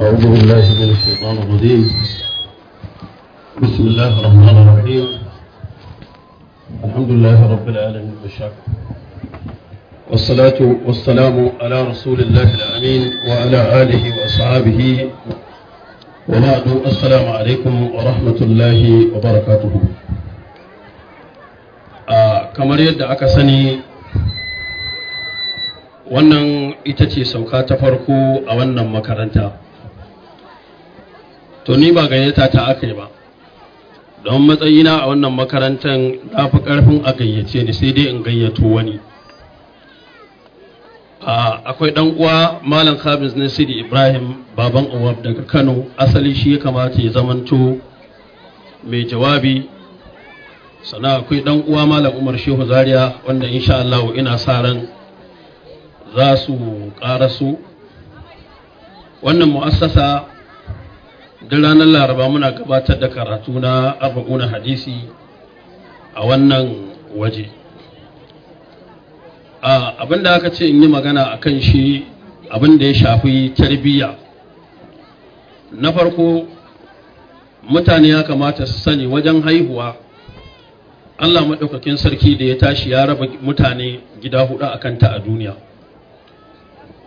أعوذ بالله من الشيطان الرجيم بسم الله الرحمن الرحيم الحمد لله رب العالمين والشكر والصلاة والسلام على رسول الله الأمين وعلى آله وأصحابه وبعد السلام عليكم ورحمة الله وبركاته kamar yadda aka sani wannan ita ce sauka ta farko a wannan makaranta to ni ba gayyata ta aka yi ba don matsayina a wannan makarantar na fi ƙarfin a gayyace ni sai dai in gayyato wani akwai ɗan uwa malam ne Sidi ibrahim baban uwab daga kano asali shi ya kamata ya zamanto mai jawabi sana akwai ɗan uwa malam umar shehu zaria wanda insha Allah ina sa ran za su su wannan mu'assasa duk ranar laraba muna gabatar da karatu na arba'una hadisi a wannan waje abin da aka ce in yi magana a kan shi abin da ya shafi tarbiyya na farko mutane ya kamata su sani wajen haihuwa allah maɗaukakin sarki da ya tashi ya raba mutane gida hudu a kanta a duniya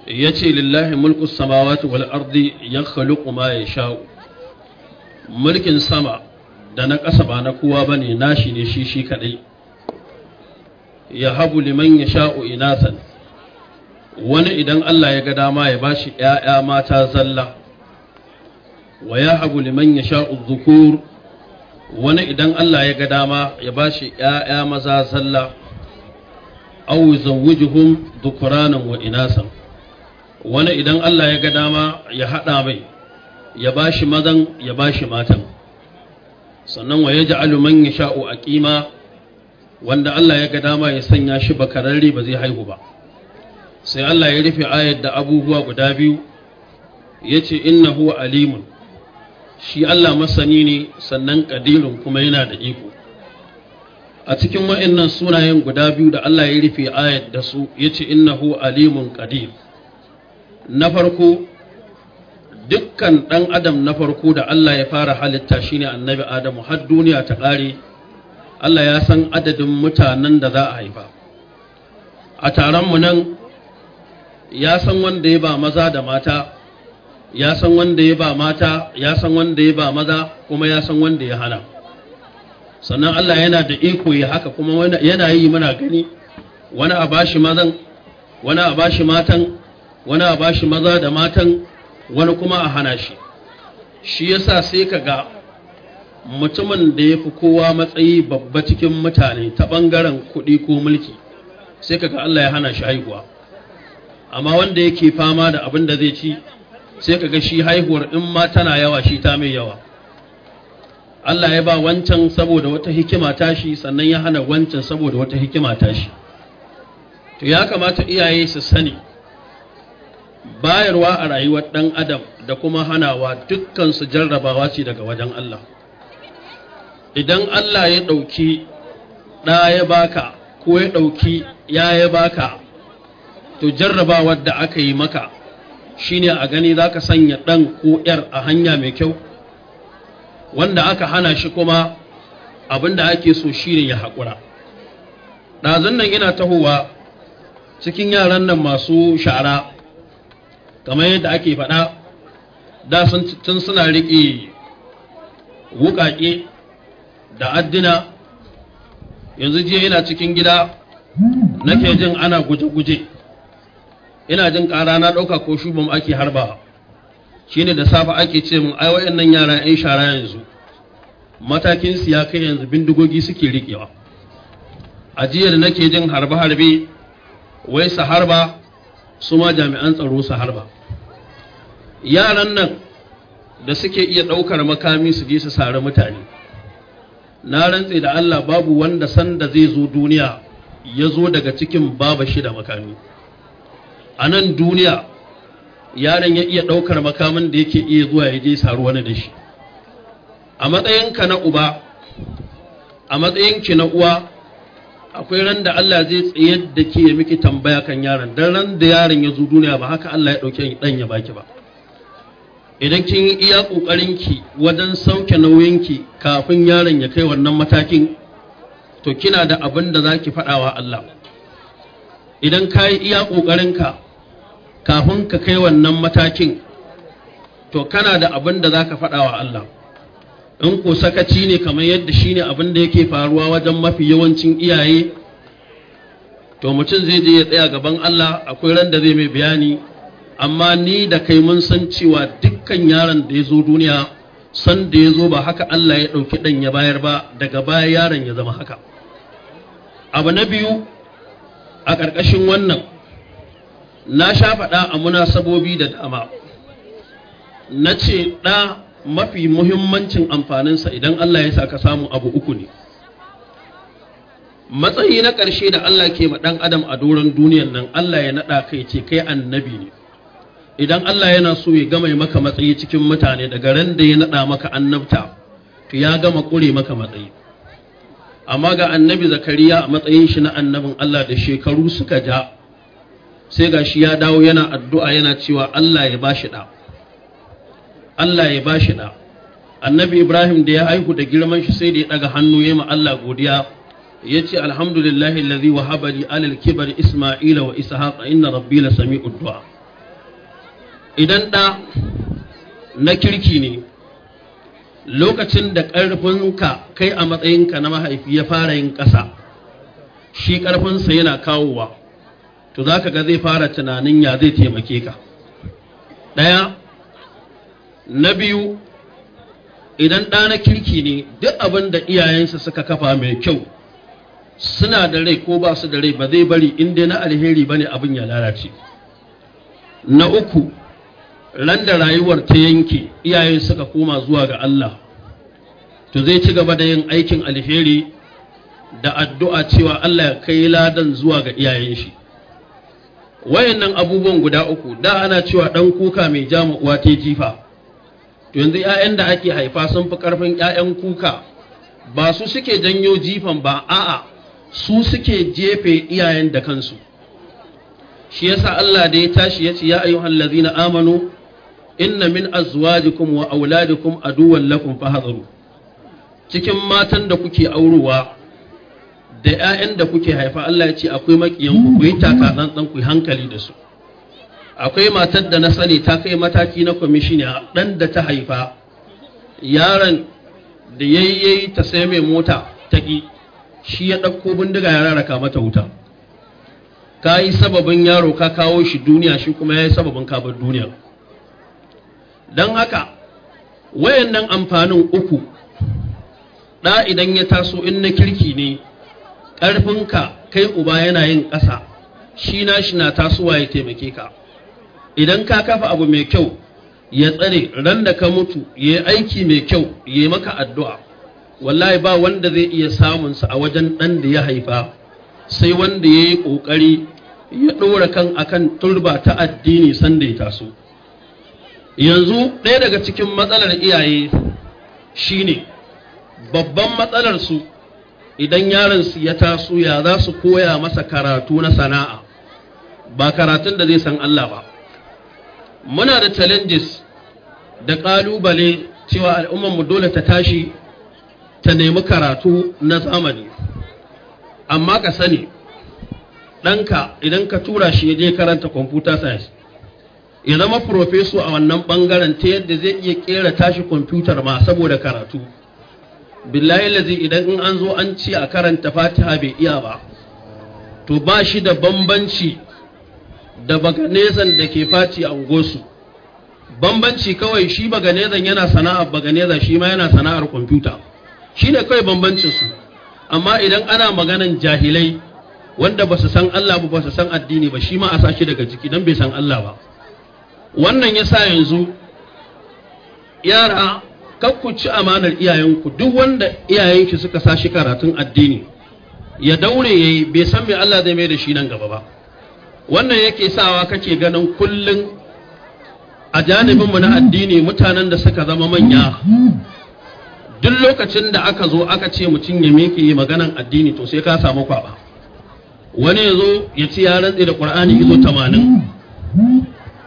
ya ce lillahi mulkus samawati wal ardi ya khaluqu ma ya sha'u mulkin sama da na ƙasa ba na kowa ba ne nashi ne shi shi kaɗai ya habu liman ya sha'o inatan wani idan Allah ya ga dama ya ba shi ‘ya'ya mata zalla wa ya habu liman ya sha'o zukur wani idan Allah ya ga dama ya ba shi ‘ya'ya maza zalla au zawujuhum dukuranan wa inasan wani idan Allah ya ga dama ya haɗa mai ya ba shi mazan ya ba shi matan sannan wa ya ya sha’o a wanda Allah ya ga dama ya sanya shi bakararri ba zai haihu ba sai Allah ya rufe ayar da abubuwa guda biyu ya ce yace huwa alimun shi Allah masani ne sannan kadirin kuma yana da iko a cikin wa'annan sunayen guda biyu da Allah ya rufe ayar da su ya ce yace innahu alimun kadir na farko dukkan ɗan adam na farko da Allah ya fara halitta shine annabi Adamu har duniya ta ƙare Allah ya san adadin mutanen da za a haifa a taron mu nan ya san wanda ya ba maza da mata ya san wanda ya ba mata ya san wanda ya ba maza kuma ya san wanda ya hana sannan Allah yana da iko ya haka kuma yana yi muna gani wani a bashi mazan wani a bashi matan wani a bashi maza da matan wani kuma a hana shi shi ya sa sai ka ga mutumin da ya fi kowa matsayi babba cikin mutane ta ɓangaren kuɗi ko mulki sai ka ga Allah ya hana shi haihuwa amma wanda yake fama da abin da zai ci sai ka ga shi haihuwar in ma tana yawa shi ta mai yawa Allah ya ba wancan saboda wata hikima tashi sannan ya hana wancan saboda wata hikima tashi to ya kamata iyaye su sani bayarwa a rayuwar ɗan adam da kuma hanawa dukkansu jarrabawa ce daga wajen Allah idan Allah ya ɗauki ɗa ya baka ko ya ɗauki ya ya baka to jarrabawar da aka yi maka shine a gani za ka sanya ɗan ko ‘yar a hanya mai kyau wanda aka hana shi kuma abin da ake so shine ya haƙura ɗazun nan ina tahowa cikin yaran nan masu shara kamar yadda ake faɗa da tun suna riƙe wuƙaƙe da addina yanzu jiya yana cikin gida nake jin ana guje-guje ina jin ƙara na ɗauka ko shubin ake harba shine da safe ake ce mun ai wayannan yara yan shara yanzu matakin su ya kai yanzu bindigogi suke riƙewa a jiya da nake jin harbe-harbe wai su harba su ma jami'an tsaro su harba yaran nan da suke iya ɗaukar makami su je su sare mutane na rantse da Allah babu wanda sanda zai zo duniya ya zo daga cikin babu shida makami a nan duniya yaran ya iya ɗaukar makamin da yake iya zuwa ya je saru wani da shi a matsayinka na uba a matsayinki na uwa akwai ran da Allah zai tsayar da ke miki tambaya kan yaron dan ran da yaron ya zo duniya ba haka Allah ya dauke dan ya baki ba idan kin yi iya kokarin ki wajen sauke nauyin ki kafin yaron ya kai wannan matakin to kina da abin da zaki faɗawa Allah idan ka yi iya kokarin ka kafin ka kai wannan matakin to kana da abin da zaka faɗawa Allah in ko sakaci ne kamar yadda shine abin da yake faruwa wajen mafi yawancin iyaye to mutum zai je ya tsaya gaban Allah akwai ran da zai mai bayani amma ni da kai mun san cewa dukkan yaron da ya zo duniya san da ya zo ba haka Allah ya ɗauki ɗan ya bayar ba daga baya yaron ya zama haka abu na biyu a ƙarƙashin wannan na sha faɗa a muna sabobi da dama na ce ɗa mafi muhimmancin amfaninsa idan Allah ya sa ka samu abu uku ne matsayi na ƙarshe da Allah ke ma ɗan adam a doron duniyan nan Allah ya naɗa kai ce kai annabi ne idan Allah yana so ya gama maka matsayi cikin mutane daga ran da ya naɗa maka annabta to ya gama ƙure maka matsayi amma ga annabi zakariya a matsayin shi na annabin Allah da shekaru suka ja sai ga shi ya dawo yana addu'a yana cewa Allah ya ba shi ɗa Allah ya ba shi da annabi ibrahim da ya haihu da girman shi sai da ya daga hannu ya ma Allah godiya ya ce alhamdulillahi allazi wahaba li alal kibar isma'ila wa ishaqa inna rabbi la sami du'a idan da na kirki ne lokacin da ka kai a matsayinka na mahaifi ya fara yin ƙasa shi ƙarfinsa yana kawowa to za ka ga zai fara tunanin ya zai taimake ka ɗaya na biyu idan ɗa na kirki ne duk abin da iyayensa suka kafa mai kyau suna da rai ko ba su da rai ba zai bari in na alheri ba ne abin ya lalace na uku ran da rayuwar ta yanke iyayen suka koma zuwa ga Allah to zai ci gaba da yin aikin alheri da addu'a cewa Allah ya kai ladan zuwa ga iyayen shi wayannan abubuwan guda uku da ana cewa dan kuka mai jama uwa ta jifa yanzu 'ya'yan da ake haifa sun fi ƙarfin 'ya'yan kuka ba su suke janyo jifan ba a'a su suke jefe iyayen da kansu shi yasa Allah da ya tashi ya ce ya ayyuhal ladzina amanu inna min azwajikum wa auladikum aduwwan lakum fahdharu cikin matan da kuke aurowa da 'ya'yan da kuke haifa Allah ya ce akwai makiyan ku ku yi taka ku hankali da su akwai matar da na sani ta kai mataki na kwamishina ɗan da ta haifa yaron da ya yi ta sai mai mota ta ƙi shi ya ɗauko bindiga ya raraka mata wuta ka yi sababin yaro ka kawo shi duniya shi kuma ya yi sababin kabar duniya don haka wayannan amfanin uku ɗa idan ya taso in na kirki ne ƙarfinka kai uba yana yin ƙasa shi na shi na tasowa ya taimake ka idan ka kafa abu mai kyau ya tsare ran da ka mutu ya aiki mai kyau ya maka addu'a wallahi ba wanda zai iya samunsa a wajen ɗan da ya haifa sai wanda ya yi ƙoƙari ya ɗora kan akan turba ta addini sanda ya taso yanzu ɗaya daga cikin matsalar iyaye shi ne babban matsalarsu idan yaransu ya taso ya za su koya masa karatu na sana'a ba karatun da zai san Allah ba muna da challenges da ƙalubale cewa mu dole ta tashi ta nemi karatu na zamani amma ka sani ɗanka idan ka tura shi ya je karanta computer science ya zama profeso a wannan ɓangaren ta yadda zai iya kera tashi kwamfutar ma saboda karatu billahi lazi idan in an zo an ce a karanta fatiha bai iya ba to ba shi da bambanci da baganezan da ke faci a ungosu bambanci kawai shi baganezan yana sana'ar baganeza shi ma yana sana'ar kwamfuta shi ne kawai bambancinsu amma idan ana maganan jahilai wanda ba su san Allah ba su san addini ba shi ma a sashi daga jiki don bai san Allah ba wannan ya sa yanzu yara kakku ci amanar iyayenku duk wanda iyayenki suka sashi karatun addini ya daure ya yi bai san mai Allah zai mai da shi nan gaba ba wannan yake sawa kake ganin kullum a janibinmu na addini mutanen da suka zama manya duk lokacin da aka zo aka ce mutum ya miƙe maganan addini to sai ka samu kwaba wani ya zo ya ci ya rantse da ƙur'ani izo tamanin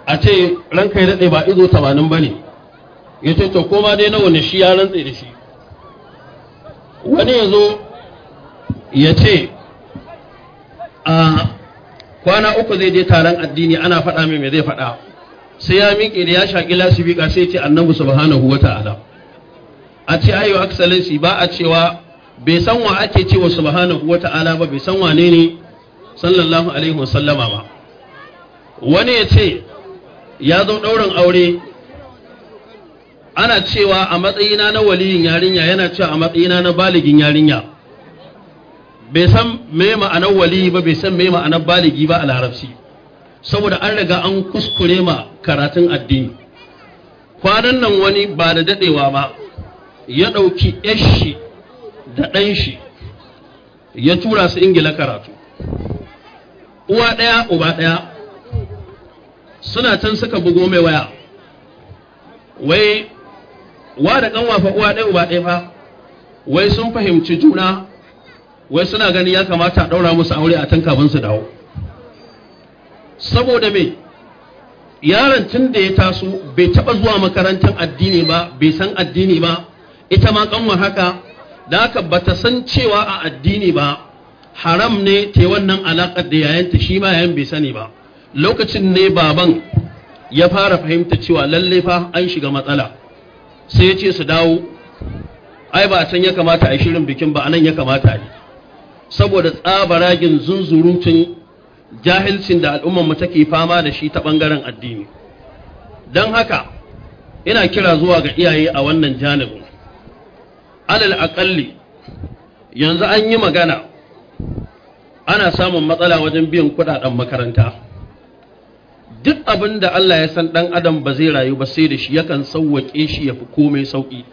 a ce ranka ya daɗe ba izo tamanin ba ne ya ce to koma dai nawa ne shi ya rantse da shi wani ya zo ya ce a kwana uku zai je taron addini ana faɗa mai me zai faɗa sai ya miƙe da ya shaƙi lasifika sai ce annabi subhanahu wa ta'ala a ce ayo excellency ba a cewa bai san wa ake cewa subhanahu wa ta'ala ba bai san wane ne sallallahu alaihi wasallama ba wani ya ce ya zo ɗaurin aure ana cewa a matsayina na waliyin yarinya yana cewa a matsayina na baligin yarinya bai san me ma'anar wali ba bai san me ma'anar baligi ba a larabci saboda an riga an kuskure ma karatun addini kwanan nan wani ba da dadewa ba ya ɗauki yashi da ɗan shi ya tura su ingila karatu uwa ɗaya uba ɗaya suna can suka bugo mai waya wai wa da kanwa fa uwa ɗaya uba ɗaya fa wai sun fahimci juna wai suna gani ya kamata a ɗaura musu aure a tan kafin su dawo saboda me yaron tun da ya taso bai taɓa zuwa makarantar addini ba bai san addini ba ita ma kanwa haka da haka bata san cewa a addini ba haram ne ta wannan alaƙar da yayanta shi ma yayan bai sani ba lokacin ne baban ya fara fahimta cewa lalle fa an shiga matsala sai ya ce su dawo ai ba a can ya kamata a shirin bikin ba a nan ya kamata a yi saboda tsabaragin zunzurutun jahilcin da al'ummarmu take fama da shi ta ɓangaren addini don haka ina kira zuwa ga iyaye a wannan janibin alal aƙalli yanzu an yi magana ana samun matsala wajen biyan kuɗaɗen makaranta duk abin da Allah ya san ɗan adam ba zai rayu ba sai da shi yakan sauwaƙe shi yafi komai sauƙi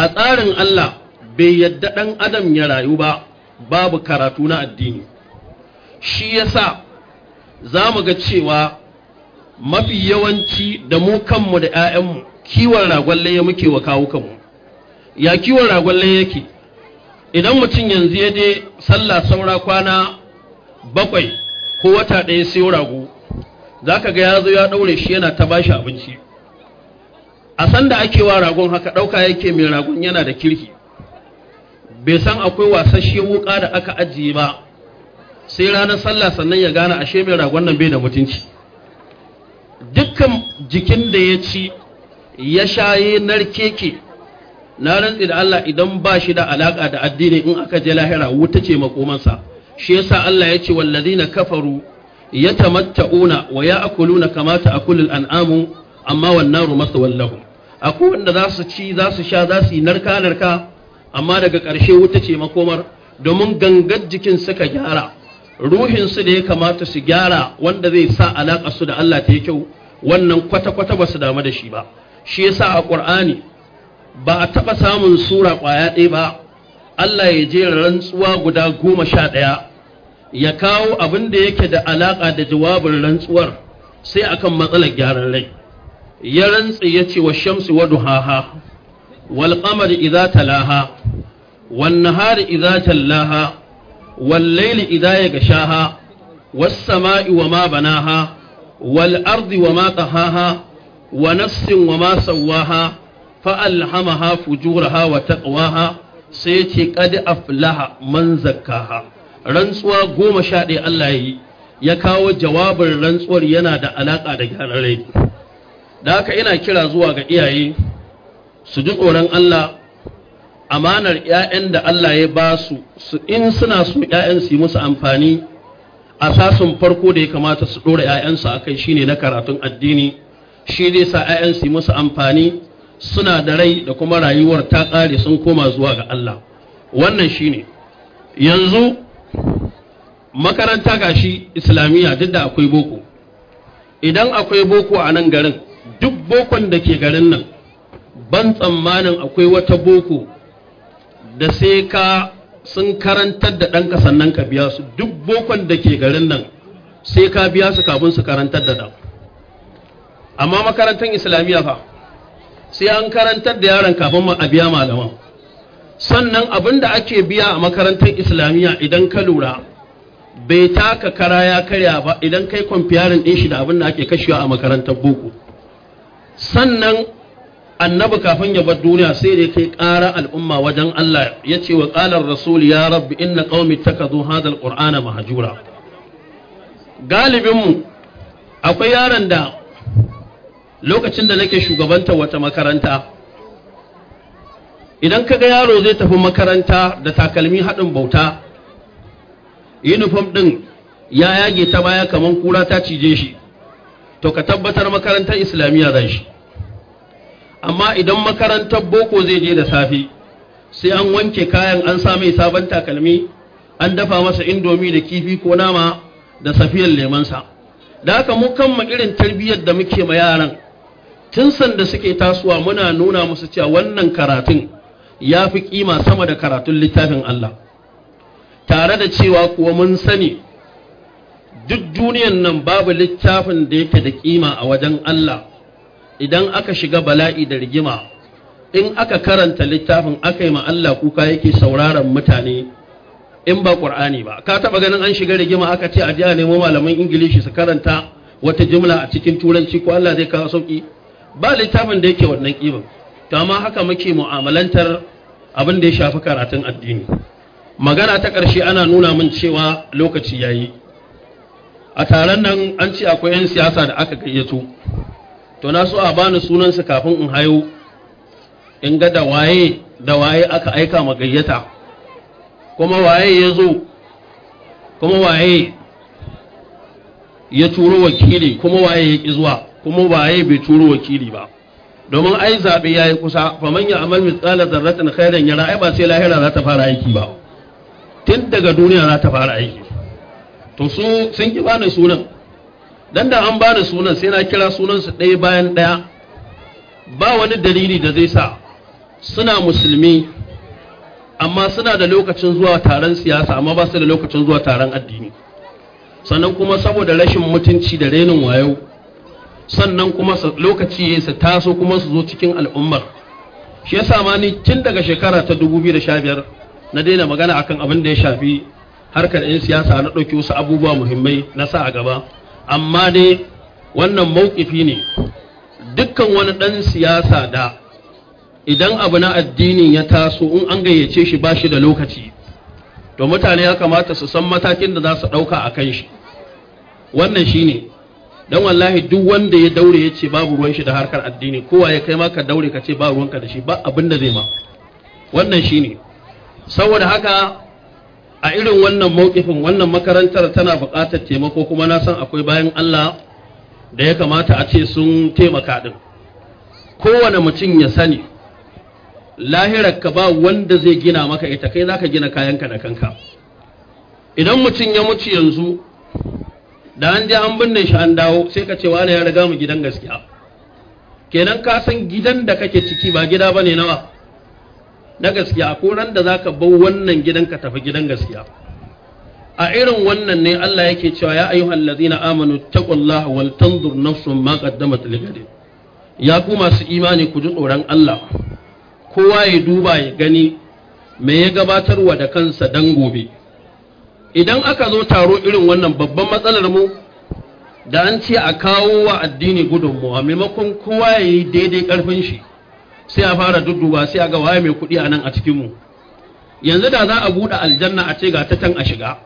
a tsarin Allah bai yadda ɗan adam ya rayu ba babu karatu na addini shi yasa za mu ga cewa mafi yawanci da mu kanmu da 'ya'yanmu kiwon ragon laye muke wa kawo kanmu ya kiwon ragon laye yake idan mutum yanzu ya je sallah saura kwana bakwai ko wata ɗaya sai rago za ka ga ya zo ya ɗaure shi yana ta ba shi abinci a sanda ake wa ragon haka ɗauka yake mai ragon yana da kirki bai san akwai wasasshiyar wuka da aka ajiye ba sai ranar sallah sannan ya gane ashe mai ragon nan bai da mutunci dukkan jikin da ya ci ya shaye narkeke na rantsi da Allah idan ba shi da alaka da addini in aka je lahira wuta ce makomansa shi yasa Allah ya ce wallazi na kafaru yatamatta'una wa ya'kuluna kama ta'kulul an'amu amma wan naru wallahu akwai wanda za su ci za su sha za su yi narka narka amma daga ƙarshe wuta ce makomar domin gangar jikin suka gyara ruhinsu da ya kamata su gyara wanda zai sa alaƙa su da Allah ta yi kyau wannan kwata-kwata ba su damu da shi ba shi yasa a ƙur'ani ba a taɓa samun sura ƙwaya ɗaya ba Allah ya je rantsuwa guda goma sha ɗaya ya kawo abin da yake da alaƙa da jawabin rantsuwar sai akan matsalar gyaran rai ya rantsi ya ce wa shamsi wa duhaha Walƙamar qamari idza talaha wan nahari idza jallaha wal layli idza yaghshaha was sama'i wama banaha wal ardi wama tahaha wa nafsin wama sawaha fa alhamaha fujuraha wa taqwaha sai ce qad aflaha man zakkaha rantsuwa goma sha ɗaya Allah yi ya kawo jawabin rantsuwar yana da alaƙa da gyaran rai da haka ina kira zuwa ga iyaye su ji tsoron Allah amanar 'ya'yan da Allah ya ba su in suna so 'ya'yan su yi musu amfani a sasun farko da ya kamata su ɗora 'ya'yansu a kai ne na karatun addini shi zai sa 'ya'yan su yi musu amfani suna da rai da kuma rayuwar ta ƙare sun koma zuwa ga Allah wannan shi ne. yanzu makaranta gashi islamiyya duk da akwai boko idan akwai boko a nan garin duk bokon da ke garin nan ban tsammanin akwai wata boko da sai ka sun karantar da ɗanka sannan ka biya su duk bokon da ke garin nan sai ka biya su kafin su karantar da ɗan amma makarantar islamiyya fa sai an karantar da yaron kafin a biya malaman sannan abin da ake biya a makarantar islamiyya idan ka lura bai taka kara ya karya ba idan kai kwamfiyarin ɗin shi da abin da ake kashewa a makarantar boko sannan annabi kafin ya bar duniya sai da kai ƙara al'umma wajen Allah ya ce wa ƙalar rasul ya rabbi inna qaumi takadu hadal qur'ana mahjura galibin mu akwai yaron da lokacin da nake shugabanta wata makaranta idan ka ga yaro zai tafi makaranta da takalmi haɗin bauta uniform ɗin ya yage ta baya kamar kura ta cije shi to ka tabbatar makarantar islamiyya zai shi amma idan makarantar boko zai je da safe sai an wanke kayan an sa sabon takalmi an dafa masa indomi da kifi ko nama da safiyar lemansa da haka mu kanmu irin tarbiyyar da muke ma yaran tun sanda suke tasowa muna nuna musu cewa wannan karatun ya fi kima sama da karatun littafin Allah tare da cewa kuwa mun sani duk duniyan nan babu littafin da yake da kima a wajen Allah idan aka shiga bala'i da rigima in aka karanta littafin aka yi Allah kuka yake sauraron mutane in ba ƙur'ani ba ka taɓa ganin an shiga rigima aka ce a jiya nemo malamin ingilishi su karanta wata jimla a cikin turanci ko Allah zai kawo sauƙi ba littafin da yake wannan ƙiban to amma haka muke mu'amalantar abin da ya shafi karatun addini magana ta ƙarshe ana nuna min cewa lokaci yayi a taron nan an ce akwai 'yan siyasa da aka gayyato to na so a bani sunansa kafin in hayo in ga da waye da waye aka aika ma gayyata kuma waye ya zo kuma waye ya turo wakili kuma waye ya ki zuwa kuma waye bai turo wakili ba domin ai zaɓe ya yi kusa faman ya amal mitsala zarratin khairan ya ai ba sai lahira za ta fara aiki ba tun daga duniya za ta fara aiki to su sun ki bani sunan dan da an bani sunan sai na kira sunansu ɗaya bayan ɗaya ba wani dalili da zai sa suna musulmi amma suna da lokacin zuwa taron siyasa amma ba su da lokacin zuwa taron addini sannan kuma saboda rashin mutunci da renin wayo sannan kuma lokaci ya su taso kuma su zo cikin al'ummar shi yasa ma ni tun daga shekara ta 2015 na daina magana akan abin da ya shafi harkar 'yan siyasa na ɗauki wasu abubuwa muhimmai na sa a gaba amma dai wannan mawkifi ne dukkan wani ɗan siyasa da idan abu na addini ya taso in an gayyace shi ba shi da lokaci to mutane ya kamata su san matakin da za su ɗauka a kan shi wannan shi ne don wallahi duk wanda ya daure ya ce babu ruwan shi da harkar addini kowa ya kai maka daure ka ce ba ruwanka da shi ba abin da zai ma wannan shi ne saboda haka a irin wannan mawkifin wannan makarantar tana buƙatar taimako kuma na san akwai bayan Allah da ya kamata a ce sun taimaka ɗin. kowane mutum ya sani lahirar ka ba wanda zai gina maka ita kai za ka gina kayanka da kanka idan mutum ya mutu yanzu da an je an binne shi an dawo sai ka ce wani ya riga mu gidan gaskiya kenan ka san gidan da kake ciki ba gida ba bane nawa na gaskiya ko ran da zaka bau wannan gidanka ka tafi gidan gaskiya a irin wannan ne Allah yake cewa ya ayyuhal ladina amanu taqullaha wal tanzur nafsun ma qaddamat lighadin ya ku masu imani ku ji tsoron Allah kowa ya duba ya gani me ya gabatarwa da kansa dan gobe idan aka zo taro irin wannan babban matsalar mu da an ce a kawo wa addini gudunmuwa maimakon kowa ya yi daidai karfin shi sai a fara dudduba sai a ga waye mai kuɗi a nan a cikinmu yanzu da za a buɗe aljanna a ce ga ta can a shiga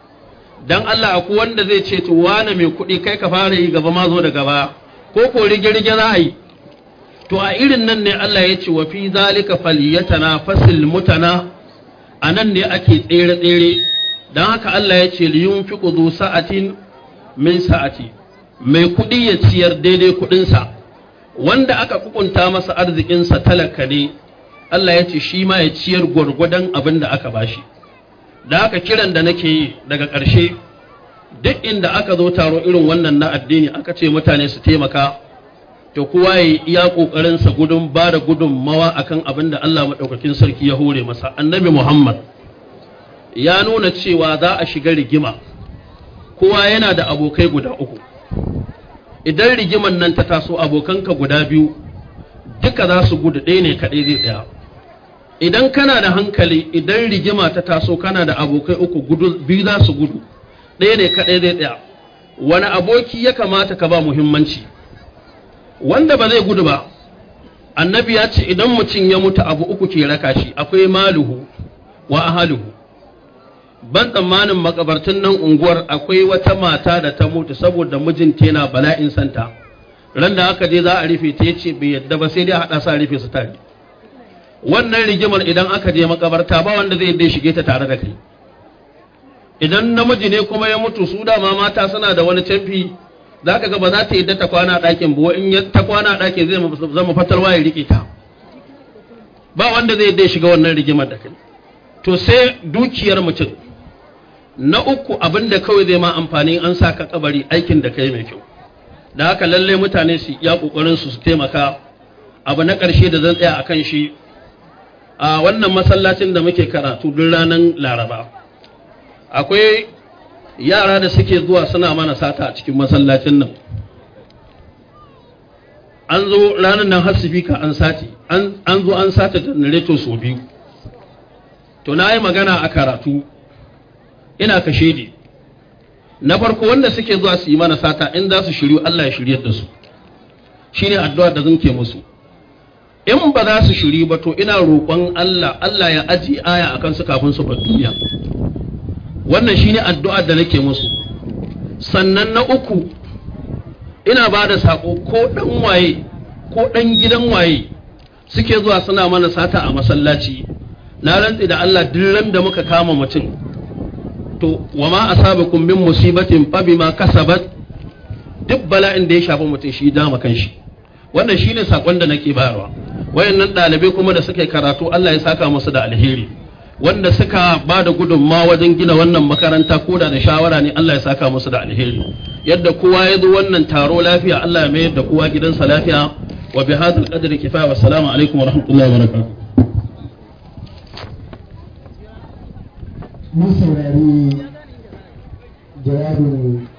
dan Allah akwai wanda zai ce to wane mai kuɗi kai ka fara yi gaba ma zo da gaba ko ko rige rige za a yi to a irin nan ne Allah ya ce wa fi zalika falyatana fasil mutana a nan ne ake tsere tsere dan haka Allah ya ce liyun fi sa'atin min sa'ati mai kuɗi ya ciyar daidai sa wanda aka kukunta masa arzikinsa talaka ne Allah ya ce shi ma ya ciyar gwargwadon abin da aka bashi da aka kiran da nake yi daga ƙarshe duk inda aka zo taro irin wannan na addini aka ce mutane su taimaka to kowa ya yi iya ƙoƙarinsa gudun ba da gudunmawa akan abin da Allah maɗaukakin sarki ya hore masa annabi Muhammad ya nuna cewa za a shiga rigima kowa yana da abokai guda uku idan rigiman nan ta taso abokanka guda biyu duka za su gudu ɗaya ne kaɗai zai tsaya idan kana da hankali idan rigima ta taso kana da abokai uku gudu biyu za su gudu ɗaya ne kaɗai zai tsaya wani aboki ya kamata ka ba muhimmanci wanda ba zai gudu ba annabi ya ce idan mutum ya mutu abu uku ke raka shi akwai maluhu wa ahaluhu ban tsammanin makabartun nan unguwar akwai wata mata da ta mutu saboda mijinta yana bala'in santa ran da aka je za a rufe ta yace bai yadda ba sai dai haɗa sa rufe su tare wannan rigimar idan aka je makabarta ba wanda zai yadda shige ta tare da kai idan namiji ne kuma ya mutu su dama mata suna da wani canfi za ka ga ba za ta yadda ta kwana ɗakin ba in ya ta kwana ɗakin zai zama fatalwa ya rike ta ba wanda zai yadda shiga wannan rigimar da kai to sai dukiyar mutum na uku abin da kawai zai ma amfani an sa ka kabari aikin da kai mai kyau da haka lallai mutane su ya kokarin su su taimaka abu na ƙarshe da zan tsaya akan shi a wannan masallacin da muke karatu duk ranar laraba akwai yara da suke zuwa suna mana sata a cikin masallacin nan an zo ranar nan har sifika an sati an zo an sata janareto sau biyu to na yi magana a karatu ina kashe ne. na farko wanda suke zuwa su yi mana sata in za su shiryu Allah ya shirye da su shine addu'a da zan ke musu in ba za su shiri ba to ina roƙon Allah Allah ya aji aya akan su kafin su bar duniya wannan shine addu'a da nake musu sannan na uku ina ba da sako ko ɗan waye ko ɗan gidan waye suke zuwa suna mana sata a masallaci na rantsi da Allah duk da muka kama mutum to wa ma asabakum min musibatin fa kasabat duk bala'in da ya shafi mutum shi dama kanshi wannan shine sakon da nake bayarwa wayannan ɗalibai kuma da suka karatu Allah ya saka musu da alheri wanda suka ba da gudunma wajen gina wannan makaranta koda da shawara ne Allah ya saka musu da alheri yadda kowa ya zo wannan taro lafiya Allah ya mayar da kowa gidansa lafiya wa bihadhal qadri kifaya wa salamu alaikum wa rahmatullahi wa barakatuh mun saurari jawabin